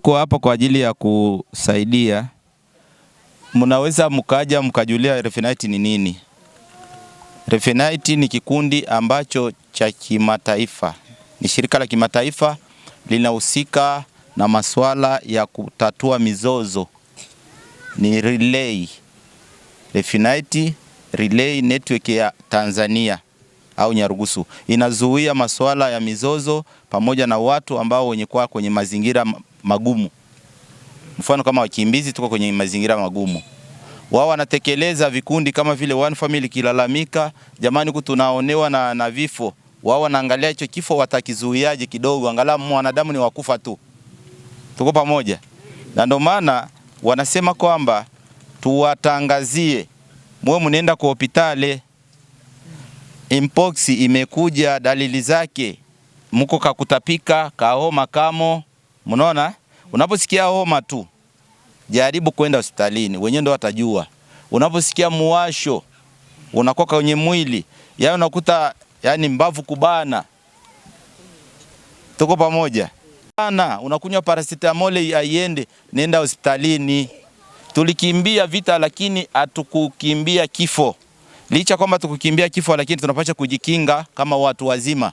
tuko hapa kwa ajili ya kusaidia. Mnaweza mkaja mkajulia Refinite ni nini. Refinite ni kikundi ambacho cha kimataifa, ni shirika la kimataifa linahusika na masuala ya kutatua mizozo. Ni relay Refinite relay network ya Tanzania au Nyarugusu inazuia masuala ya mizozo pamoja na watu ambao wenye kwa kwenye mazingira magumu. Mfano kama wakimbizi, tuko kwenye mazingira magumu, wao wanatekeleza vikundi kama vile One Family kilalamika, jamani, huku tunaonewa na, na vifo. Wao wanaangalia hicho kifo watakizuiaje kidogo, angalau mwanadamu ni wakufa tu. Tuko pamoja, na ndio maana wanasema kwamba tuwatangazie, mwe mnaenda kwa hospitali, mpox imekuja, dalili zake mko kakutapika, kaoma kamo Unaona? Unaposikia homa tu jaribu kwenda hospitalini, wenyewe ndio watajua. Unaposikia muwasho unakoka kwenye mwili, yaani unakuta yani mbavu kubana. Tuko pamoja bana, unakunywa paracetamol aiende, nenda hospitalini. Tulikimbia vita, lakini hatukukimbia kifo. Licha kwamba tukukimbia kifo, lakini tunapaswa kujikinga kama watu wazima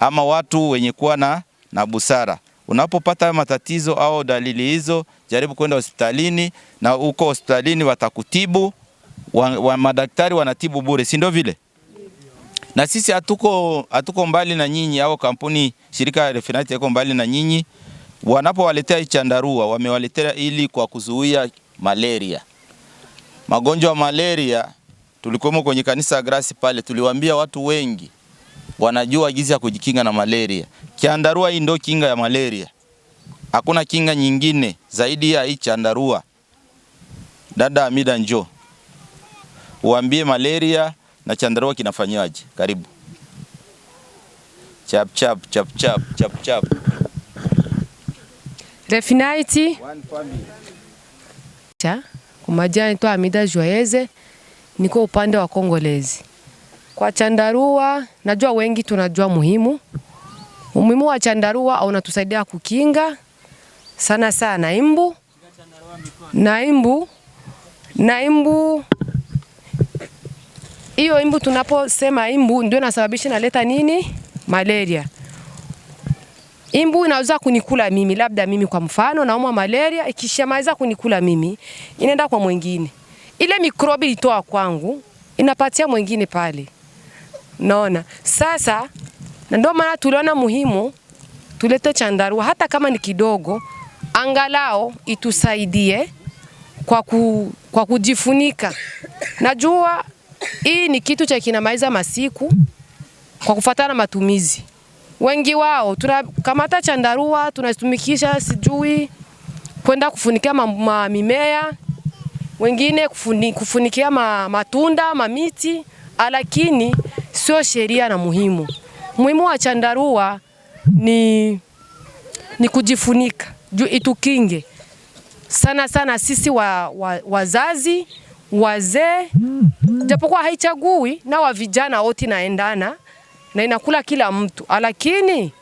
ama watu wenye kuwa na na busara. Unapopata matatizo au dalili hizo, jaribu kwenda hospitalini, na huko hospitalini watakutibu wa, wa, madaktari wanatibu bure, si ndio vile? Na sisi hatuko hatuko mbali na nyinyi, au kampuni shirika ya Refinati iko mbali na nyinyi. Wanapowaletea chandarua, wamewaletea ili kwa kuzuia malaria, magonjwa malaria. Tulikuwa kwenye kanisa Grace pale, tuliwaambia watu wengi wanajua jinsi ya kujikinga na malaria. Kiandarua hii ndio kinga ya malaria, hakuna kinga nyingine zaidi ya hii chandarua. Dada Amida, njoo uambie malaria na chandarua kinafanywaje. Karibu chap chap chap chap chap chap. Refinite cha kumajani to Amida Joyeze, niko upande wa Kongolezi. Kwa chandarua najua wengi tunajua muhimu umuhimu wa chandarua, unatusaidia kukinga sana sana imbu na imbu na imbu. Hiyo imbu tunaposema imbu ndio inasababisha naleta nini? Malaria. Imbu inaweza kunikula mimi, labda mimi kwa mfano naumwa malaria, ikishamaliza kunikula mimi inaenda kwa mwingine, ile mikrobi ilitoa kwangu inapatia mwingine pale. Naona sasa, na ndio maana tuliona muhimu tulete chandarua hata kama ni kidogo, angalao itusaidie kwa, ku, kwa kujifunika. Najua hii ni kitu cha kinamaliza masiku kwa kufuatana matumizi. Wengi wao tunakamata chandarua tunatumikisha sijui kwenda kufunikia ma, ma mimea, wengine kufuni, kufunikia ma, matunda mamiti, lakini sio sheria na muhimu. Muhimu wa chandarua ni, ni kujifunika juu itukinge sana sana sisi wa, wa, wazazi wazee, japokuwa haichagui na wa vijana wote naendana na inakula kila mtu, lakini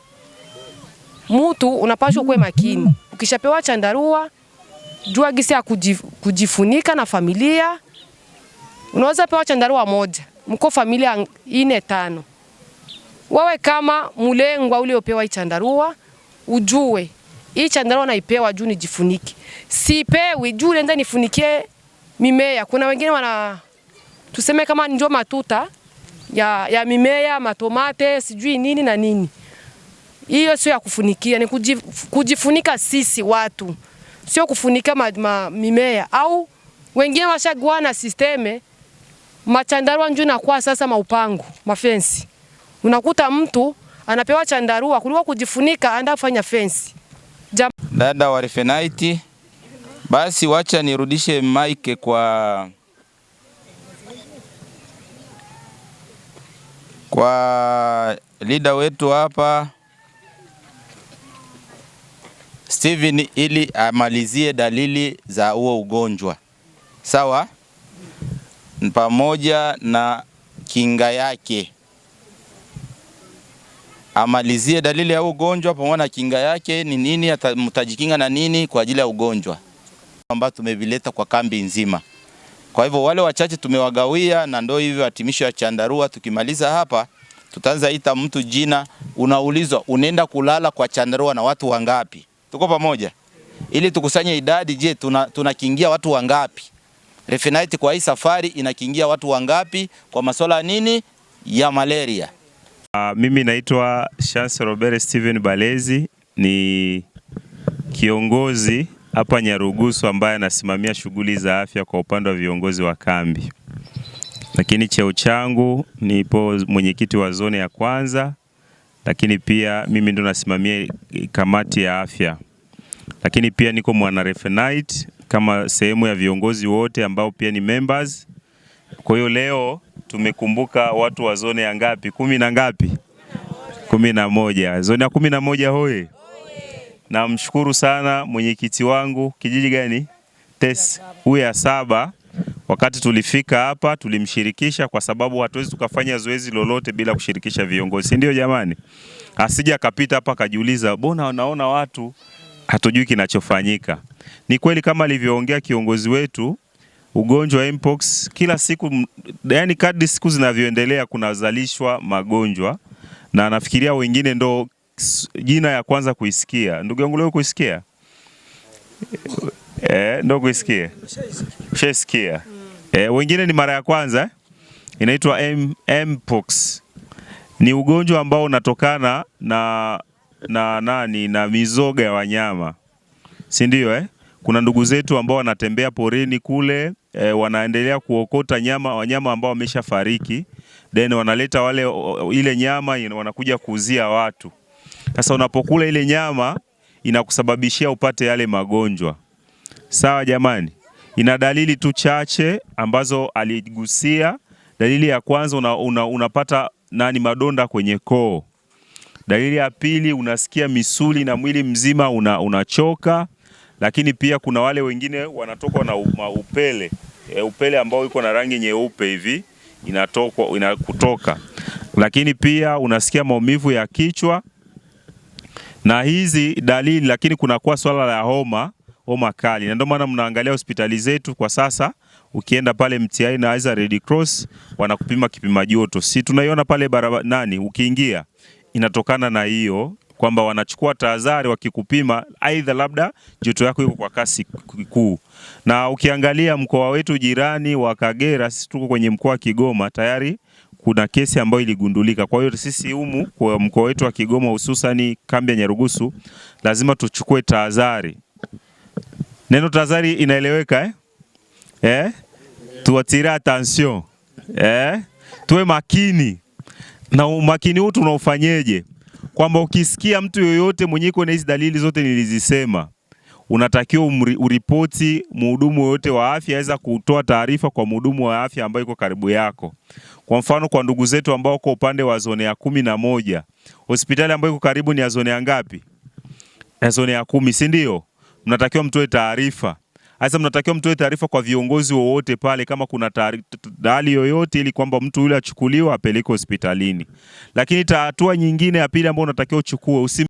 mtu unapashwa kuwe makini. Ukishapewa chandarua jua gisi ya kujifunika na familia, unaweza pewa chandarua moja mko familia ine tano, wewe kama mlengwa uliopewa ichandarua ujue chandarua naipewa juu nijifunike, sipewi juu nenda nifunikie mimea. Kuna wengine wana tuseme kama ndio matuta ya, ya mimea matomate sijui nini na nini, hiyo sio ya kufunikia, ni kujifunika sisi watu, sio kufunika ma, ma, mimea au wengine washagwana sisteme machandarua njuu nakuwa sasa maupangu mafensi. Unakuta mtu anapewa chandarua kuliko kujifunika anda fanya fensi. Jam dada wa Refenaiti, basi wacha nirudishe maike kwa kwa lida wetu hapa Steven ili amalizie dalili za huo ugonjwa. Sawa? pamoja na kinga yake, amalizie dalili ya ugonjwa pamoja na kinga yake ni nini, mtajikinga na nini kwa ajili ya ugonjwa ambao tumevileta kwa kambi nzima. Kwa hivyo wale wachache tumewagawia, na ndio hivyo hatimisho ya chandarua. Tukimaliza hapa, tutaanza ita mtu jina, unaulizwa unaenda kulala kwa chandarua na watu wangapi. Tuko pamoja ili tukusanye idadi. Je, tunakingia tuna watu wangapi? Refinite kwa hii safari inakiingia watu wangapi kwa masuala nini ya malaria? Uh, mimi naitwa Chance Robert Steven Balezi ni kiongozi hapa Nyarugusu ambaye anasimamia shughuli za afya kwa upande wa viongozi wa kambi, lakini cheo changu nipo mwenyekiti wa zone ya kwanza, lakini pia mimi ndo nasimamia kamati ya afya, lakini pia niko mwana Refinite kama sehemu ya viongozi wote ambao pia ni members. Kwa hiyo leo tumekumbuka watu wa zone ya ngapi? Kumi na ngapi? Kumi na moja. Zone ya kumi na moja hoye! Namshukuru sana mwenyekiti wangu, kijiji gani? Tes huyu ya saba. Wakati tulifika hapa tulimshirikisha, kwa sababu hatuwezi tukafanya zoezi lolote bila kushirikisha viongozi, si ndio? Jamani, asija akapita hapa akajiuliza, bona wanaona watu hatujui kinachofanyika. Ni kweli kama alivyoongea kiongozi wetu, ugonjwa wa mpox kila siku, yani kadri siku zinavyoendelea kunazalishwa magonjwa, na nafikiria wengine ndo jina ya kwanza kuisikia. Ndugu yangu leo kuisikia eh, ndo kuisikia ushaisikia eh, wengine ni mara ya kwanza. Eh? Inaitwa mpox, ni ugonjwa ambao unatokana na na nani na mizoga ya wanyama, si ndio eh? Kuna ndugu zetu ambao wanatembea porini kule eh, wanaendelea kuokota nyama wanyama ambao wameshafariki, then wanaleta wale o, ile nyama wanakuja kuuzia watu. Sasa unapokula ile nyama inakusababishia upate yale magonjwa. Sawa jamani, ina dalili tu chache ambazo aligusia. Dalili ya kwanza una, una, unapata nani madonda kwenye koo Dalili ya pili, unasikia misuli na mwili mzima una, unachoka, lakini pia kuna wale wengine wanatokwa na upele e, upele ambao uko na rangi nyeupe hivi inatokwa inakutoka, lakini pia unasikia maumivu ya kichwa na hizi dalili, lakini kunakuwa swala la homa, homa kali, na ndio maana mnaangalia hospitali zetu kwa sasa ukienda pale MTI na Red Cross wanakupima kipima joto, si tunaiona pale barabara nani ukiingia inatokana na hiyo kwamba wanachukua tahadhari wakikupima, aidha labda joto yako iko kwa kasi kuu. Na ukiangalia mkoa wetu jirani wa Kagera, sisi tuko kwenye mkoa wa Kigoma, tayari kuna kesi ambayo iligundulika. Kwa hiyo sisi humu kwa mkoa wetu wa Kigoma, hususani kambi ya Nyarugusu, lazima tuchukue tahadhari. Neno tahadhari inaeleweka eh? Eh? Tuatire attention eh? Tuwe makini na umakini huu tunaofanyeje, kwamba ukisikia mtu yoyote mwenye iko na hizi dalili zote nilizisema, unatakiwa uripoti mhudumu yoyote wa afya, aweza kutoa taarifa kwa mhudumu wa afya ambayo iko karibu yako. Kwa mfano kwa ndugu zetu ambao kwa upande wa zone ya kumi na moja, hospitali ambayo iko karibu ni ya zone ya ngapi? Ya zone ya kumi, si ndio? Mnatakiwa mtoe taarifa. Sasa mnatakiwa mtoe taarifa kwa viongozi wowote pale, kama kuna dalili yoyote, ili kwamba mtu yule achukuliwe apeleke hospitalini. Lakini hatua nyingine ya pili ambayo unatakiwa uchukue usi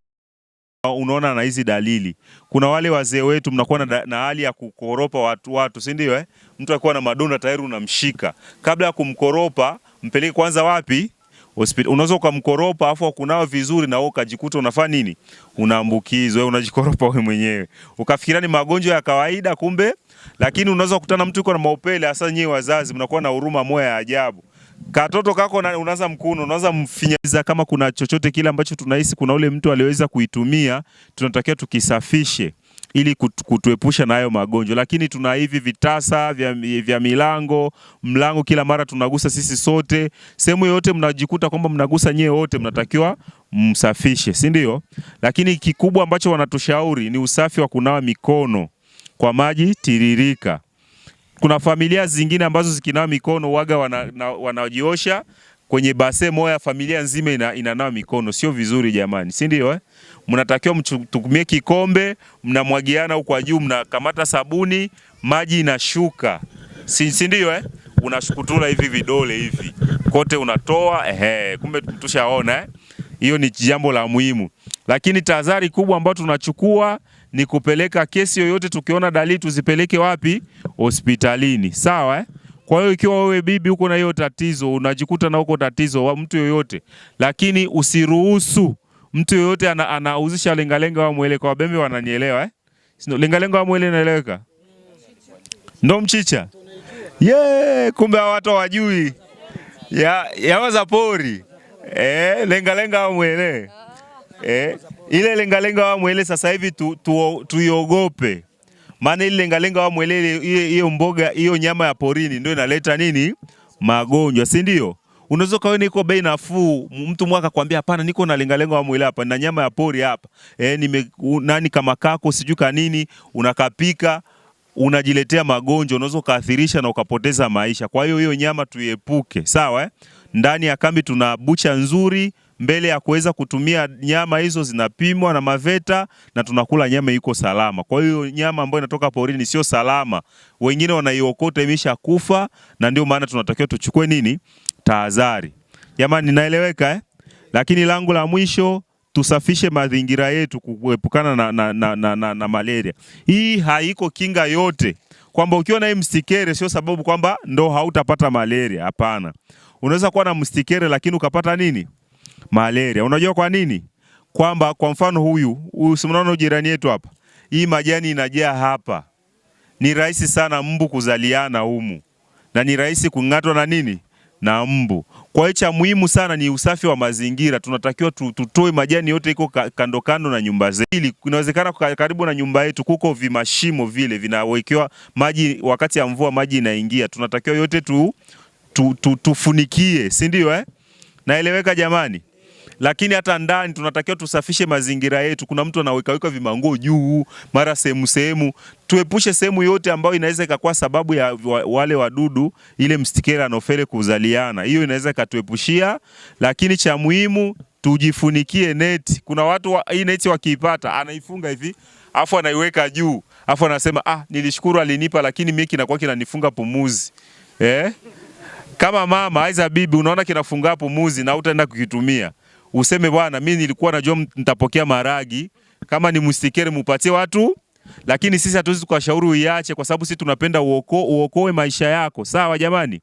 unaona na hizi dalili, kuna wale wazee wetu mnakuwa na, na hali ya kukoropa watu, watu si ndio eh? Mtu akiwa na madonda tayari unamshika, kabla ya kumkoropa mpeleke kwanza wapi hospitali unaweza ukamkoropa afu akunawa vizuri na wewe ukajikuta unafanya nini, unaambukizwa, unajikoropa wewe mwenyewe, ukafikiria ni magonjwa ya kawaida kumbe. Lakini unaweza kukutana mtu yuko na maupele, hasa nyie wazazi mnakuwa na huruma moya ya ajabu katoto kako na unaanza mkuno, unaanza mfinyaza, Kama kuna chochote kile ambacho tunahisi kuna ule mtu aliweza kuitumia, tunatakiwa tukisafishe ili kutuepusha na hayo magonjwa, lakini tuna hivi vitasa vya, vya milango mlango, kila mara tunagusa sisi sote, sehemu yoyote mnajikuta kwamba mnagusa nyewe wote, mnatakiwa msafishe, si ndio? Lakini kikubwa ambacho wanatushauri ni usafi wa kunawa mikono kwa maji tiririka. Kuna familia zingine ambazo zikinawa mikono waga wanajiosha wana kwenye base moya familia nzima ina, inanawa mikono. Sio vizuri jamani, si ndio eh? mnatakiwa mtumie kikombe, mnamwagiana huko juu, mnakamata sabuni, maji inashuka, si ndio eh? Unashukutula hivi vidole hivi kote unatoa ehe, kumbe tushaona eh? Hiyo ni jambo la muhimu, lakini tahadhari kubwa ambayo tunachukua ni kupeleka kesi yoyote, tukiona dalili tuzipeleke wapi? Hospitalini, sawa eh? Kwa hiyo ikiwa wewe bibi uko na hiyo tatizo, unajikuta na uko tatizo wa mtu yoyote, lakini usiruhusu mtu yoyote anauzisha ana lengalenga wa mwele kwa wabembe wananielewa eh? Lengalenga wa mwele inaeleweka, ndo mchicha ye yeah, kumbe hawa watu hawajui ya yawa za pori eh, lengalenga wa mwele eh, ile lengalenga wa mwele sasa hivi tuiogope tu, tu maana ile lengalenga wa mwele hiyo mboga hiyo nyama ya porini ndio inaleta nini magonjwa, si ndio? Unaweza ukawa niko bei nafuu, mtu mwaka kwambia hapana, niko na lengalengo wa mwili hapa na nyama ya pori hapa e, nime nani kama kako sijui ka nini, unakapika unajiletea magonjwa, unaweza ukaathirisha na ukapoteza maisha. Kwa hiyo hiyo nyama tuiepuke, sawa eh? Ndani ya kambi tuna bucha nzuri mbele ya kuweza kutumia nyama hizo zinapimwa na maveta na tunakula nyama iko salama. Kwa hiyo nyama ambayo inatoka porini sio salama, wengine wanaiokota imesha kufa, na ndio maana tunatakiwa tuchukue nini, tahadhari. Jamani, ninaeleweka eh? Lakini langu la mwisho tusafishe mazingira yetu kuepukana na, na, na, na, na, na malaria. Hii haiko kinga yote kwamba ukiwa na mstikere sio sababu kwamba ndo hautapata malaria. Hapana, unaweza kuwa na mstikere lakini ukapata nini? Malaria. Unajua kwa nini? Kwamba kwa mfano huyu huyu, simnaona jirani yetu hapa, hii majani inajaa hapa, ni rahisi sana mbu kuzaliana humu na ni rahisi kung'atwa na nini na mbu. Kwa hiyo cha muhimu sana ni usafi wa mazingira. Tunatakiwa tutoe majani yote iko kando kando na nyumba zetu. Ili inawezekana karibu na nyumba yetu kuko vimashimo vile vinawekewa maji, wakati ya mvua maji inaingia, tunatakiwa yote tu, tu, tu, tufunikie, si ndio eh? Naeleweka jamani? lakini hata ndani tunatakiwa tusafishe mazingira yetu. Kuna mtu anawekaweka vimanguo juu mara sehemu sehemu, tuepushe sehemu yote ambayo inaweza ikakuwa sababu ya wale wadudu, ile mstikera nofere kuzaliana, hiyo inaweza ikatuepushia. Lakini cha muhimu tujifunikie neti. Kuna watu wa, hii neti wakiipata anaifunga hivi afu anaiweka juu afu anasema ah, nilishukuru alinipa, lakini mimi kinakuwa kinanifunga pumuzi eh? Kama mama aiza bibi, unaona kinafunga pumuzi na utaenda kukitumia useme bwana, mimi nilikuwa najua nitapokea maragi kama ni mustikere mupatie watu, lakini sisi hatuwezi tukashauri uiache, kwa sababu sisi tunapenda uoko, uokoe maisha yako. Sawa jamani?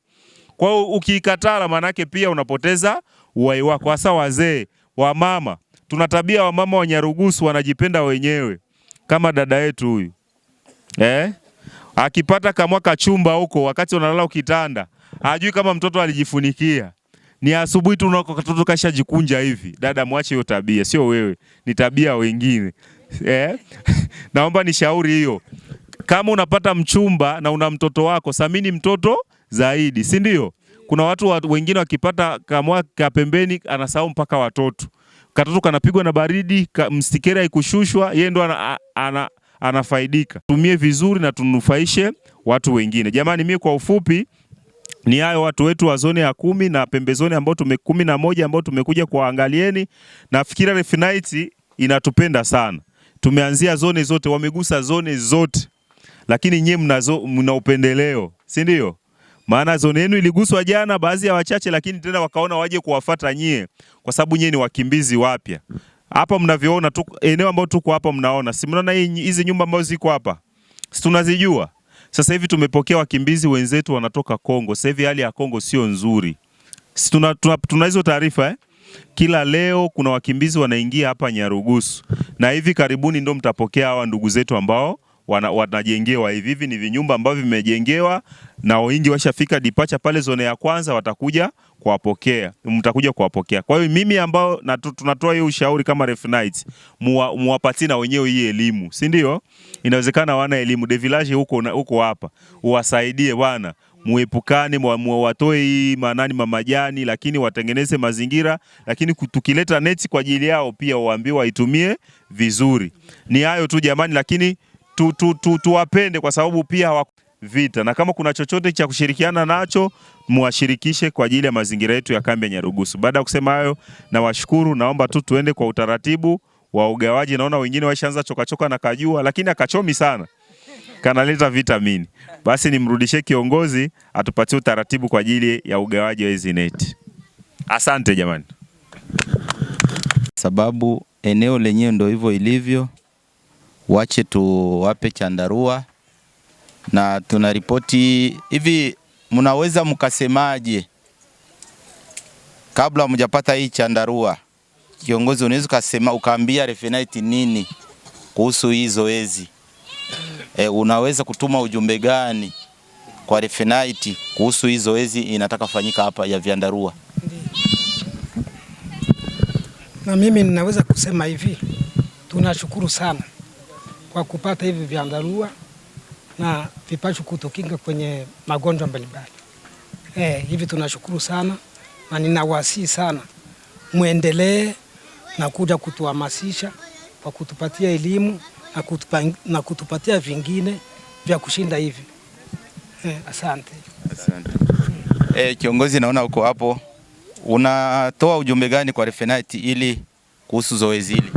Kwa hiyo ukiikatala, maanake pia unapoteza uhai wako. Hasa wazee, wa mama, tuna tabia wa wamama Wanyarugusu wanajipenda wenyewe, kama dada yetu huyu eh? akipata kamwa kachumba huko, wakati unalala ukitanda, hajui kama mtoto alijifunikia ni asubuhi tu katoto kashajikunja hivi. Dada, mwache hiyo tabia, sio wewe, ni tabia wengine eh? Naomba nishauri hiyo, kama unapata mchumba na una mtoto wako, thamini mtoto zaidi, si ndio? Kuna watu wengine wakipata kamwa pembeni anasahau mpaka watoto. Katoto kanapigwa na baridi, mstikera ikushushwa, yeye ndo ana, ana, anafaidika. Tumie vizuri na tunufaishe watu wengine. Jamani, mimi kwa ufupi ni hayo watu wetu wa zone ya kumi na pembezoni ambao tume kumi na moja ambao tumekuja kuwaangalieni. Nafikira Refinite inatupenda sana, tumeanzia zone zote, wamegusa zone zote, lakini nyie mna, mna upendeleo, si ndio? Maana zone yenu iliguswa jana, baadhi ya wachache, lakini tena wakaona waje kuwafata nyie, kwa sababu nyie ni wakimbizi wapya. Hapa mnavyoona tu eneo ambao tuko hapa, mnaona si mnaona hizi nyumba ambazo ziko hapa, si tunazijua sasa hivi tumepokea wakimbizi wenzetu wanatoka Kongo. Sasa hivi hali ya Kongo sio nzuri, si tuna hizo tuna, hizo taarifa eh? Kila leo kuna wakimbizi wanaingia hapa Nyarugusu, na hivi karibuni ndo mtapokea hawa ndugu zetu ambao wana, wanajengewa hivi hivi. Ni vinyumba ambavyo vimejengewa na wengi washafika dipacha pale zone ya kwanza, watakuja kuwapokea, mtakuja kuwapokea. Kwa hiyo mimi ambao tunatoa hiyo ushauri kama Ref Knights, muwapatie na wenyewe hii elimu, si ndio? Inawezekana wana elimu de village huko huko hapa, uwasaidie bwana muepukane hii manani mamajani, lakini watengeneze mazingira, lakini tukileta neti kwa ajili yao pia waambiwe waitumie vizuri. Ni hayo tu jamani, lakini tu, tu, tu, tuwapende kwa sababu pia hawa vita, na kama kuna chochote cha kushirikiana nacho muwashirikishe kwa ajili ya mazingira yetu ya kambi ya Nyarugusu. Baada ya kusema hayo, nawashukuru, naomba tu tuende kwa utaratibu wa ugawaji. Naona wengine waishaanza chokachoka na kajua, lakini akachomi sana kanaleta vitamini. Basi nimrudishe kiongozi atupatie utaratibu kwa ajili ya ugawaji wa hizi neti. Asante jamani, sababu eneo lenyewe ndio hivyo ilivyo wache tuwape chandarua na tuna ripoti hivi. Mnaweza mkasemaje kabla mjapata hii chandarua? Kiongozi, unaweza ukasema ukaambia Refinite nini kuhusu hii zoezi e, unaweza kutuma ujumbe gani kwa Refinite kuhusu hii zoezi inataka fanyika hapa ya vyandarua? Na mimi ninaweza kusema hivi, tunashukuru sana kwa kupata hivi vyandarua na vipashu kutukinga kwenye magonjwa mbalimbali. Eh, hivi tunashukuru sana na ninawasihi sana mwendelee na kuja kutuhamasisha kwa kutupatia elimu na, kutupa, na kutupatia vingine vya kushinda hivi. Eh, asante, asante. Eh, kiongozi naona uko hapo, unatoa ujumbe gani kwa Refenati ili kuhusu zoezi hili?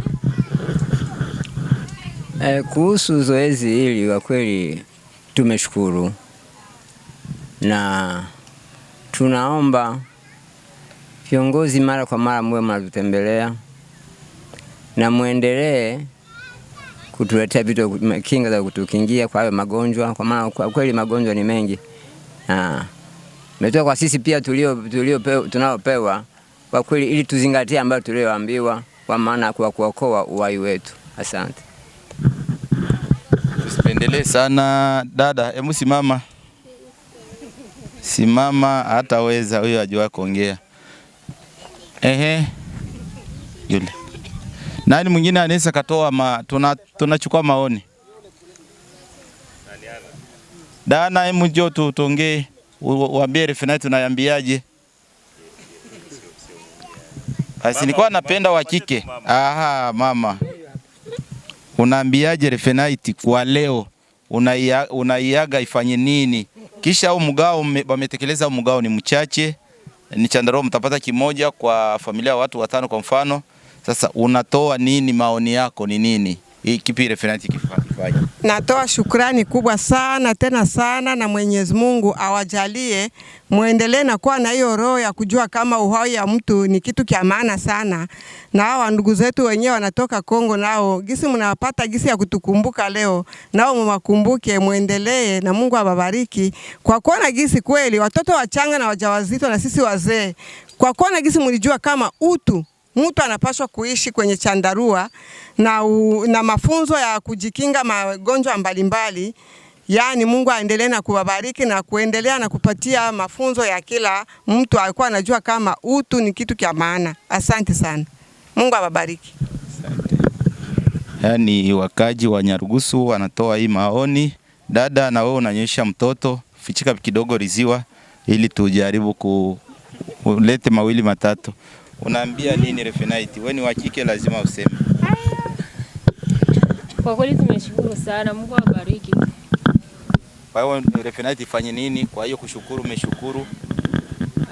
Eh, kuhusu zoezi hili kwa kweli tumeshukuru na tunaomba viongozi mara kwa mara muwe mnatutembelea na muendelee kutuletea vitu kinga za kutukingia kwa hayo magonjwa, kwa maana kwa kweli magonjwa ni mengi na umetoka kwa sisi pia tulio, tulio tunaopewa kwa kweli, ili tuzingatie ambayo tulioambiwa, kwa maana kwa kuokoa uhai wetu. Asante. Endelee sana dada, hebu simama, simama, hataweza huyo, ajua kuongea. Ehe, yule nani mwingine anaweza katoa ma, tunachukua tuna maoni. Dana, hebu njoo tu tuongee, uambie refinai tunayambiaje? basi nilikuwa napenda wa kike. Aha, mama unaambiaje refenaiti kwa leo unaiaga, ifanye nini? Kisha au mgao wametekeleza, au mgao ni mchache, ni chandarua mtapata kimoja kwa familia ya watu watano kwa mfano. Sasa unatoa nini? Maoni yako ni nini? kipi referenti kifanye. Natoa shukrani kubwa sana tena sana, na Mwenyezi Mungu awajalie muendelee na kuwa na hiyo roho ya kujua kama uhai ya mtu ni kitu kya maana sana, na hawa ndugu zetu wenyewe wanatoka Kongo, nao gisi mnawapata gisi ya kutukumbuka leo, nao mwakumbuke muendelee na Mungu awabariki kwa kuona gisi kweli watoto wachanga na wajawazito na sisi wazee, kwa kuona gisi mlijua kama utu mtu anapaswa kuishi kwenye chandarua na, u, na mafunzo ya kujikinga magonjwa mbalimbali. Yaani Mungu aendelee na kuwabariki na kuendelea na kupatia mafunzo ya kila mtu alikuwa anajua kama utu ni kitu cha maana. Asante sana. Mungu awabariki. Yaani wakaji wa Nyarugusu wanatoa hii maoni. Dada, na wewe unanyonyesha mtoto, fichika kidogo riziwa ili tujaribu kulete mawili matatu unaambia nini Refinite? Wewe ni wa kike, lazima useme. Ah, kwa kweli tumeshukuru sana, Mungu awabariki. Kwa hiyo Refinite ifanye nini? Kwa hiyo kushukuru, umeshukuru,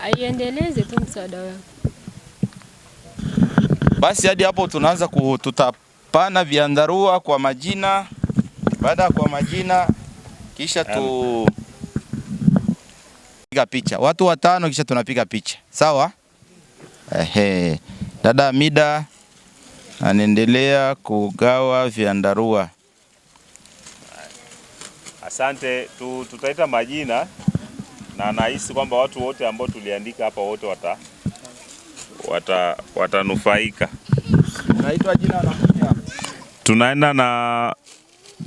aiendeleze tu msaada wako. Basi hadi hapo tunaanza tutapana viandarua kwa majina, baada ya kwa majina kisha tu piga picha watu watano, kisha tunapiga picha sawa. Ehe. Dada Amida anaendelea kugawa vyandarua. Asante tu, tutaita majina na nahisi kwamba watu wote ambao tuliandika hapa wote wata wata watanufaika. Naitwa jina la tunaenda na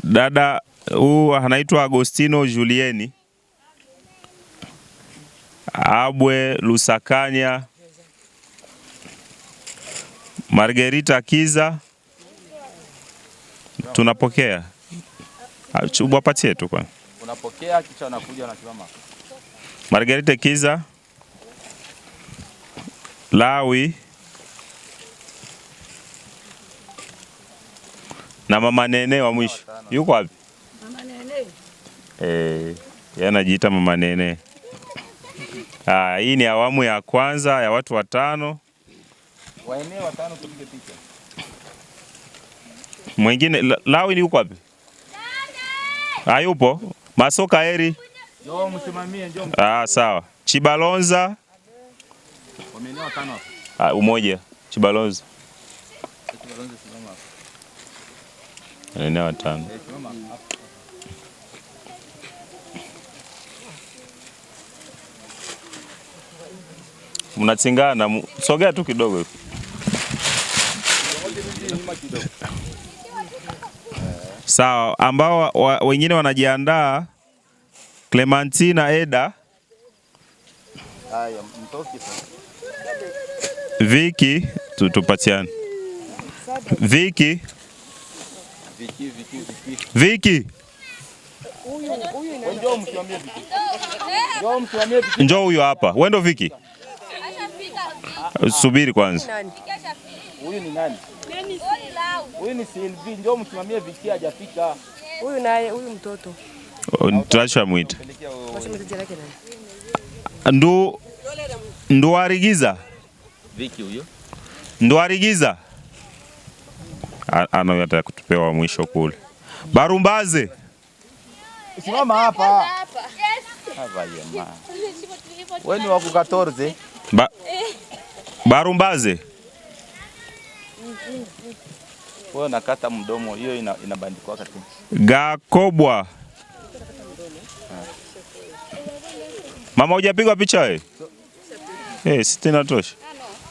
dada huu anaitwa Agostino Julieni Abwe Lusakanya Margarita Kiza, tunapokea wapatie tu kwa Unapokea kisha wanakuja wanasimama. Margarita Kiza, Lawi na mama Nene wa mwisho yuko wapi? Mama Nene. Eh, yeye mama Nene. Ah, hii ni awamu ya kwanza ya watu watano. Waenee watano tupige picha. Mwingine Lawi ni uko wapi? Hayupo. Ah, Masoka Eri. Njoo msimamie, njoo. Ah, sawa. Chibalonza. Waenee watano. Ah, umoja. Chibalonza. Chibalonza simama hapo. Waenee watano. Eh, mnachingana, sogea tu kidogo hivi sawa. Ambao wa, wa, wengine wanajiandaa Clementina Eda Viki, tupatiane Viki Viki, njoo huyo hapa, wendo Viki. Subiri kwanza. Huyu ni nani? Huyu ni Silvi, ndio msimamie viti hajafika. Huyu naye huyu mtoto. Tutashamwita. Oh, ndu ndu arigiza. Viki huyo. Ndu arigiza. Ana yata kutupewa mwisho kule. Barumbaze. Simama hapa. Hapa yema. Wewe ni wa 14. Ba Barumbaze. Wewe nakata mdomo hiyo ina, inabandikwa kati. Gakobwa. Mama hujapigwa picha wewe? Eh, hey, si tena tosha.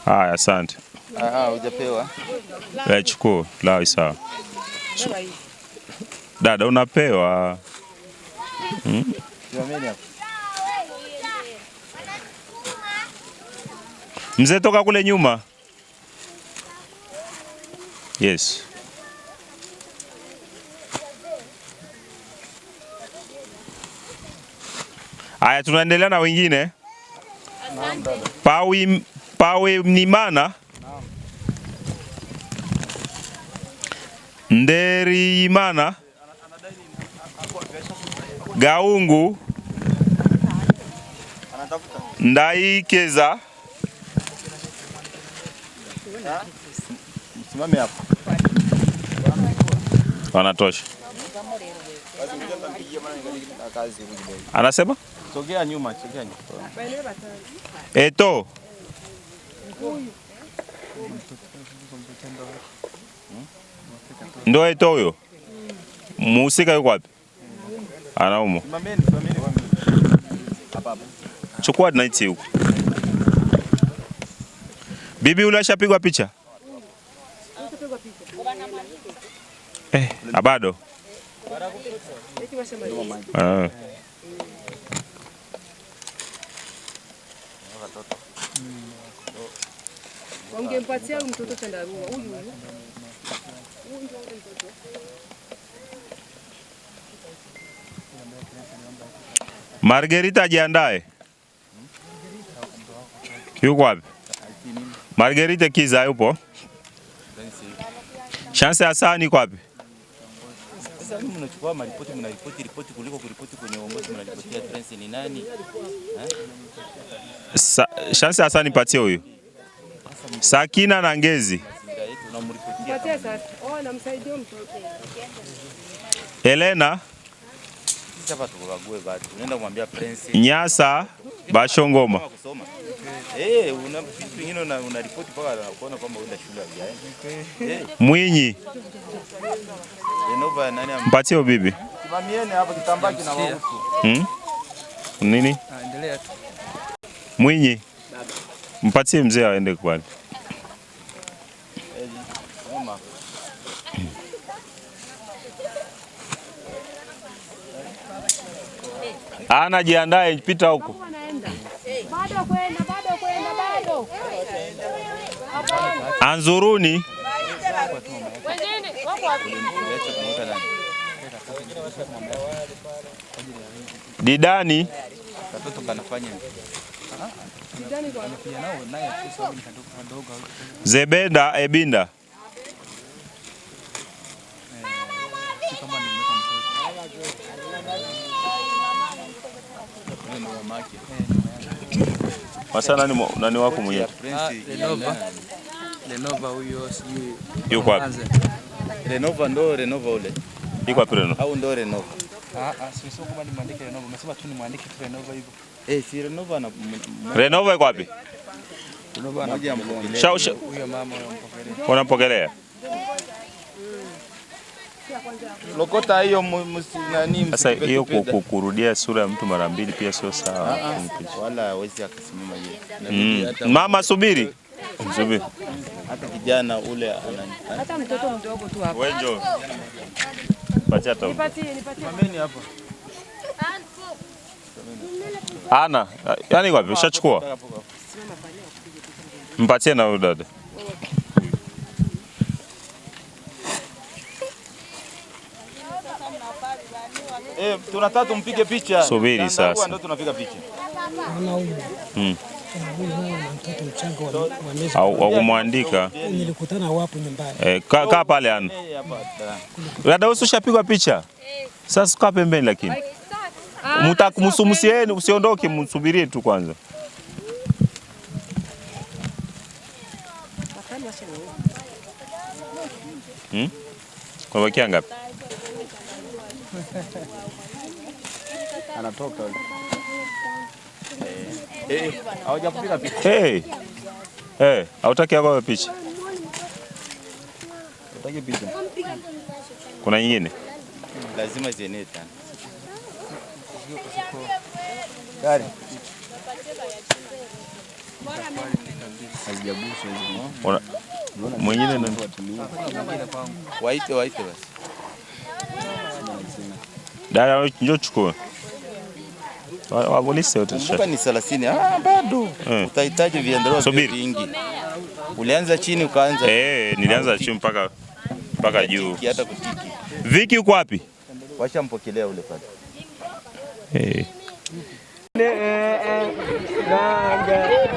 Haya, asante. Ah, hujapewa. Wewe chukua. La, sawa. Dada unapewa. Hmm? Mzee toka kule nyuma. Yes. Aya, tunaendelea na wengine. Pawe pawe mnimana Nderi imana Gaungu Ndaikeza Msimame hapo. Wanatosha. Anasema? Sogea nyuma, sogea nyuma. Eto. Ndo Eto huyo. Muhusika yuko wapi? Anaumwa. Chukua naiti huko. Bibi ule ashapigwa picha eh, Abado Wangempatia ah. mtoto chandarua huyu Margarita jiandae, Yuko wapi? Margarita Kiza yupo? Chance Hassan iko wapi? Mnachukua maripoti mnaripoti ripoti kuliko kuripoti kwenye uongozi ni nani? Eh? Chance Hassan nipatie huyu. Sakina na Ngezi. Oh, Elena Nyasa Bashongoma. Eh, eh, una vitu vingine una ripoti unaona kwamba shule eh. Eh. Mwinyi. Yenova nani Mpatie bibi. Simamieni kitambaa kina wahusu. Hmm? Nini? Endelea tu. Mwinyi. Mpatie mzee aende kwani. Ana jiandae pita huko. Anzuruni Didani Zebenda Ebinda Masa nani wako mwenyewe? Ah, Renova huyo sijui yuko wapi? Renova ndo Renova ule. Iko wapi Renova? Au ndo Renova? Ah ah, si sio kama ni maandike Renova, umesema tu ni maandike tu Renova hivyo. Eh, si Renova na Renova iko wapi? Renova anakuja mkongelea. Shau shau. Huyo mama unampokelea. Unampokelea? Lokota hiyo nani? Sasa hiyo kurudia sura ya mtu mara mbili pia sio sawa. Ah, ah, wala hawezi akasimama yeye. Mm. Mama subiri. Subiri hata kijana ule hata mtoto mdogo tu hapo. Wenjo. njoo. tu. Nipatie, nipatie. Mameni hapo. Ana, yani wapi ushachukua? Mpatie na huyo dada. Eh, tunataka tumpige picha. Subiri sasa. Ndio tunapiga picha. Mm wakumwandika eh, kaa ka pale ano usu ushapigwa picha sasa, kaa pembeni, lakini msumsieni, usiondoke, msubirie tu kwanza. Hmm? Kwa wakia ngapi? Anatoka. Hawajakupiga picha. Eh. Eh, hautaki yako picha. Unataka picha. Kuna nyingine? Lazima zienee tena. Gari. Mwingine Waite waite basi. Dada, njoo chukua walisi kumbuka ni 30. Ah, bado mm. Utahitaji viendeleo vingi. Ulianza chini ukaanza. Eh, nilianza chini mpaka mpaka juu. Hata kutiki. Viki uko wapi? Washampokelea ule pale. Eh. Hey. Eh, eh,